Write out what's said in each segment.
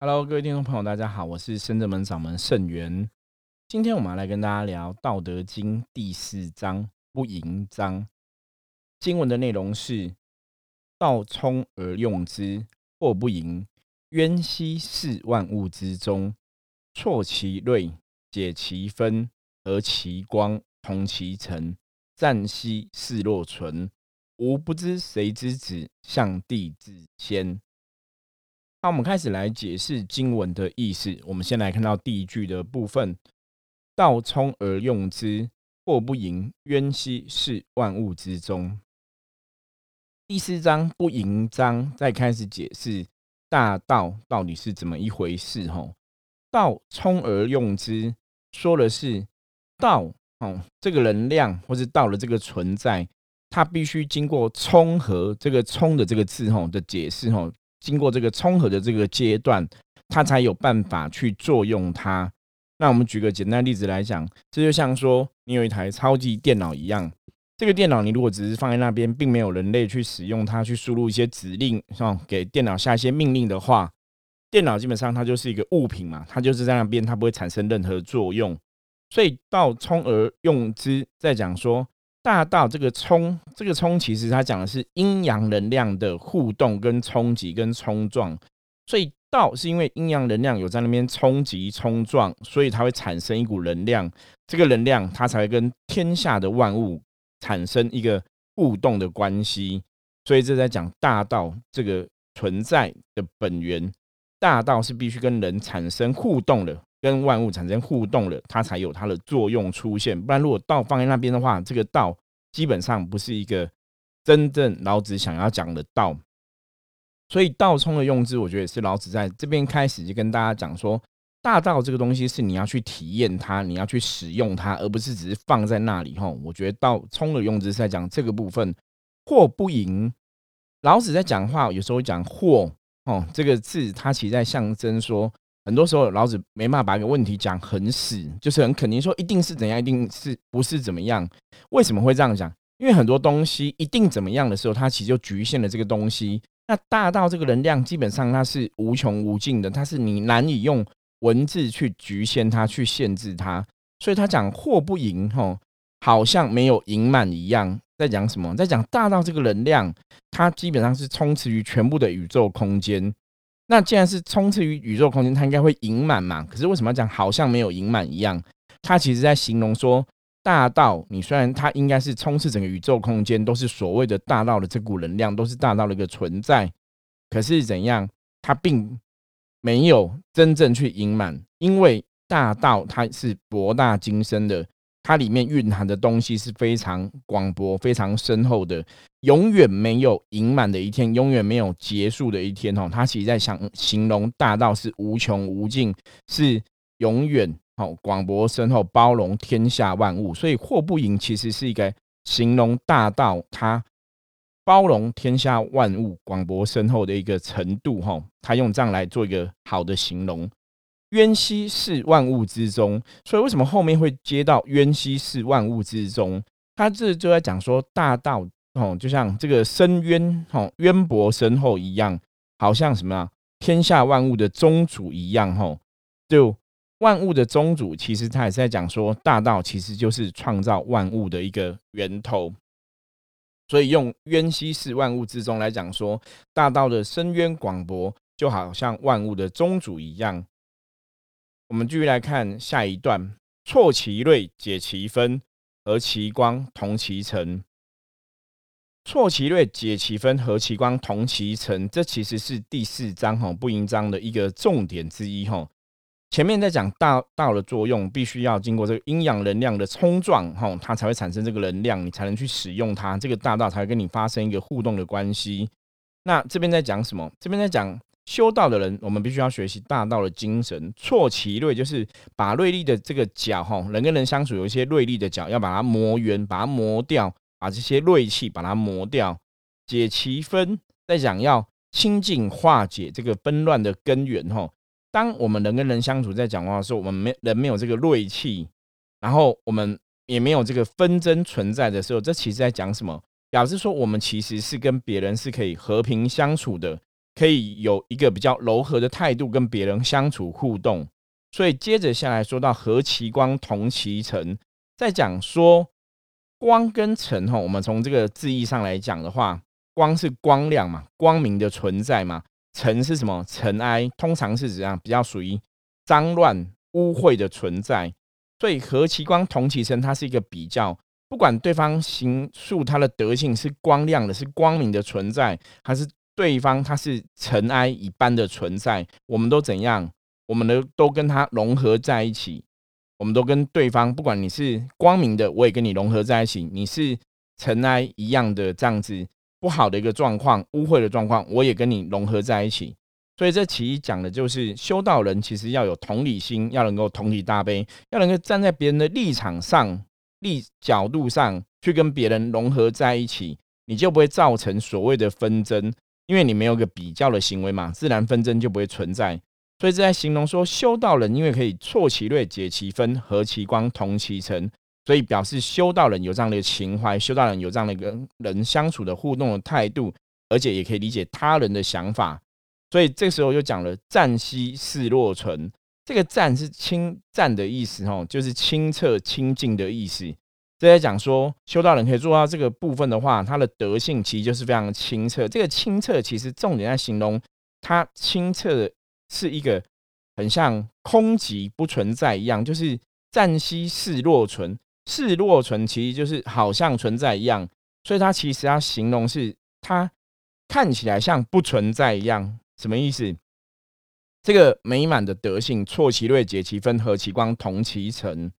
Hello，各位聽眾朋友，大家好，我是聖真門掌門聖元。今天我們來跟大家聊《道德經》第四章“不盈章”。經文的內容是：“道沖而用之，或不盈；淵兮，似萬物之宗。挫其銳，解其紛，和其光，同其塵。湛兮是，似若存。吾不知誰之子，象帝之先。”好，我們開始來解釋經文的意思。我們先來看到第一句的部分：“道沖而用之，或不盈，淵兮似萬物之宗。”第四章“不盈章”再開始解釋大道到底是怎麼一回事。吼，“道沖而用之”，說的是道哦，這個能量或者道的這個存在，它必須經過沖合這個“沖”的這個字吼、哦、的解釋吼。哦經過這個沖合的這個階段，它才有辦法去作用它。那我們舉個簡單的例子來講，這就像說你有一台超級電腦一樣，這個電腦你如果只是放在那邊，並沒有人類去使用它，去輸入一些指令，是、哦、給電腦下一些命令的話，電腦基本上它就是一個物品嘛，它就是在那邊，它不會產生任何作用。所以道沖而用之，再講說。大道這個沖，這個沖其實它講的是陰陽能量的互動、跟衝擊、跟衝撞，所以道是因為陰陽能量有在那邊衝擊、衝撞，所以它會產生一股能量，這個能量它才會跟天下的萬物產生一個互動的關係，所以這在講大道這個存在的本源，大道是必須跟人產生互動的。跟萬物產生互動了，它才有它的作用出現。不然，如果道放在那邊的話，這個道基本上不是一個真正老子想要講的道。所以，道沖的用字，我覺得也是老子在這邊開始就跟大家講說，大道這個東西是你要去體驗它，你要去使用它，而不是只是放在那裡。吼，我覺得道沖的用字是在講這個部分，或不盈。老子在講話有時候講或哦，這個字它其實在象徵說。很多時候，老子沒辦法把一個問題講很死，就是很肯定說一定是怎樣，一定是不是怎麼樣？為什麼會這樣講？因為很多東西一定怎麼樣的時候，它其實就局限了這個東西。那大道這個能量基本上它是無窮無盡的，它是你難以用文字去局限它、去限制它。所以他講“或不盈”吼、哦，好像沒有盈滿一樣，在講什麼？在講大道這個能量，它基本上是充斥於全部的宇宙空間。那既然是充斥於宇宙空間，它應該會盈滿嘛？可是為什麼要講好像沒有盈滿一樣？它其實在形容說大道，你雖然它應該是充斥整個宇宙空間，都是所謂的大道的這股能量，都是大道的一個存在。可是怎樣？它並沒有真正去盈滿，因為大道它是博大精深的。它裡面蘊含的東西是非常廣博、非常深厚的，永遠沒有盈滿的一天，永遠沒有結束的一天。哦，它其實在想形容大道是無窮無盡，是永遠哦，廣博深厚，包容天下萬物。所以“或不盈”其實是一個形容大道，它包容天下萬物、廣博深厚的一個程度。吼、哦，它用這樣來做一個好的形容。淵兮似萬物之宗，所以為什麼後面會接到“淵兮似萬物之宗”？他這就在講說大道哦，就像這個深淵哦，淵博深厚一樣，好像什麼、啊、天下萬物的宗主一樣吼。就萬物的宗主，其實他也是在講說大道其實就是創造萬物的一個源頭。所以用“淵兮似萬物之宗”來講說大道的深淵廣博，就好像萬物的宗主一樣。我們繼續來看下一段：挫其銳，解其紛，和其光，同其塵。挫其銳，解其紛，和其光，同其塵。這其實是第四章哈不盈章的一個重點之一哈。前面在講大道的作用，必須要經過這個陰陽能量的衝撞哈，它才會產生這個能量，你才能去使用它。這個大道才會跟你發生一個互動的關係。那這邊在講什麼？這邊在講。修道的人，我們必須要學習大道的精神。挫其銳，就是把銳利的這個角，吼，人跟人相處有一些銳利的角，要把它磨圓，把它磨掉，把這些銳氣把它磨掉，解其紛。在講要清淨化解這個紛亂的根源，吼。當我們人跟人相處，在講話的時候，我們沒人沒有這個銳氣，然後我們也沒有這個紛爭存在的時候，這其實在講什麼？表示說我們其實是跟別人是可以和平相處的。可以有一個比較柔和的態度跟別人相處互動，所以接着下來說到“和其光，同其塵”，再講說光跟塵哈。我們從這個字義上來講的話，光是光亮嘛，光明的存在嘛；塵是什麼？塵埃通常是怎樣？比較屬於髒亂污穢的存在。所以“和其光，同其塵”，它是一個比較，不管對方行述他的德性是光亮的，是光明的存在，還是。對方他是塵埃一般的存在，我們都怎樣？我們都都跟他融合在一起，我們都跟對方，不管你是光明的，我也跟你融合在一起；你是塵埃一樣的這樣子不好的一個狀況、污穢的狀況，我也跟你融合在一起。所以這其一講的就是，修道人其實要有同理心，要能夠同體大悲，要能夠站在別人的立場上、立角度上去跟別人融合在一起，你就不會造成所謂的紛爭。因為你沒有一個比較的行為嘛，自然紛爭就不會存在。所以這在形容說，修道人因為可以挫其銳，解其紛，和其光，同其塵，所以表示修道人有這樣的一個情懷，修道人有這樣的一個人相處的互動的態度，而且也可以理解他人的想法。所以這時候就講了湛兮似若存，這個湛是清湛的意思哦，就是清澈清淨的意思。直接講說，修道人可以做到這個部分的話，他的德性其實就是非常清澈。這個清澈其實重點在形容它清澈的是一個很像空寂不存在一樣，就是湛兮似若存，似若存其實就是好像存在一樣。所以它其實要形容是它看起來像不存在一樣，什麼意思？這個美滿的德性，挫其銳，解其紛，和其光，同其塵。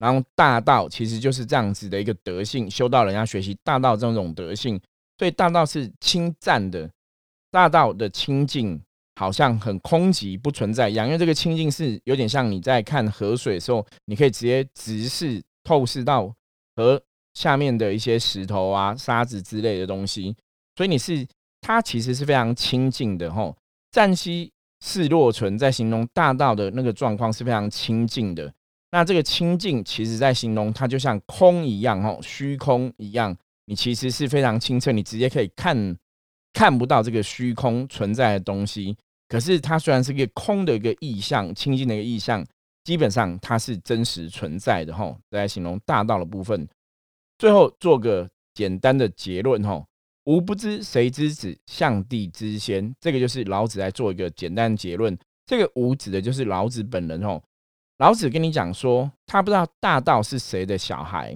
然後大道其實就是這樣子的一個德性，修道人要學習大道這種德性。所以大道是清湛的，大道的清淨好像很空寂不存在一樣，因為這個清淨是有點像你在看河水的時候，你可以直接直視透視到河下面的一些石頭啊、沙子之類的東西。所以你是它其實是非常清淨的吼，湛、哦、兮似若存，在形容大道的那個狀況是非常清淨的。那這個清淨，其實，在形容它就像空一樣，吼，虛空一樣。你其實是非常清澈，你直接可以看，看不到這個虛空存在的東西。可是，它雖然是一個空的一個意象，清靜的一個意象，基本上它是真實存在的，吼。在形容大道的部分，最後做個簡單的結論，吼。吾不知誰之子，象帝之先。這個就是老子來做一個簡單的結論。這個“吾”指的就是老子本人，吼。老子跟你講說，他不知道大道是誰的小孩，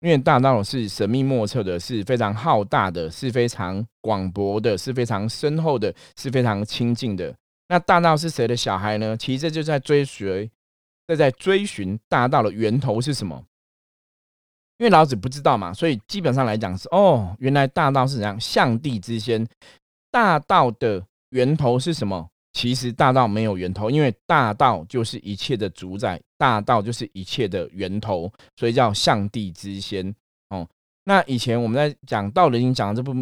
因為大道是神秘莫測的，是非常浩大的，是非常廣博的，是非常深厚的，是非常清靜的。那大道是誰的小孩呢？其實這就在追隨就在追尋大道的源頭是什麼？因為老子不知道嘛，所以基本上來講是哦，原來大道是怎樣？象帝之先，大道的源頭是什麼？其實大道沒有源頭，因為大道就是一切的主宰，大道就是一切的源頭，所以叫象帝之先。哦，那以前我們在講《道德經》講這部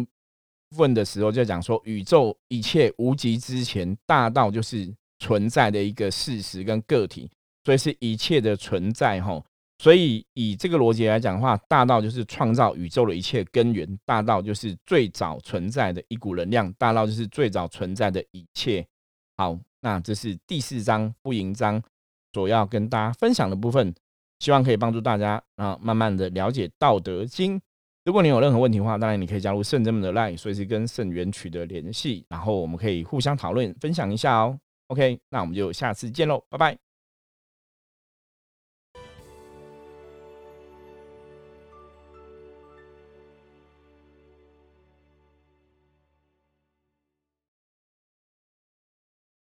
分的時候，就講說宇宙一切無極之前，大道就是存在的一個事實跟個體，所以是一切的存在。哈、哦，所以以這個邏輯來講的話，大道就是創造宇宙的一切根源，大道就是最早存在的一股能量，大道就是最早存在的一切。好，那這是第四章不盈章所要跟大家分享的部分，希望可以幫助大家啊慢慢的了解道德經。如果你有任何問題的話，當然你可以加入聖真門的 line，隨時跟聖元取得聯繫，然後我們可以互相討論分享一下哦。OK，那我們就下次見嘍，拜拜。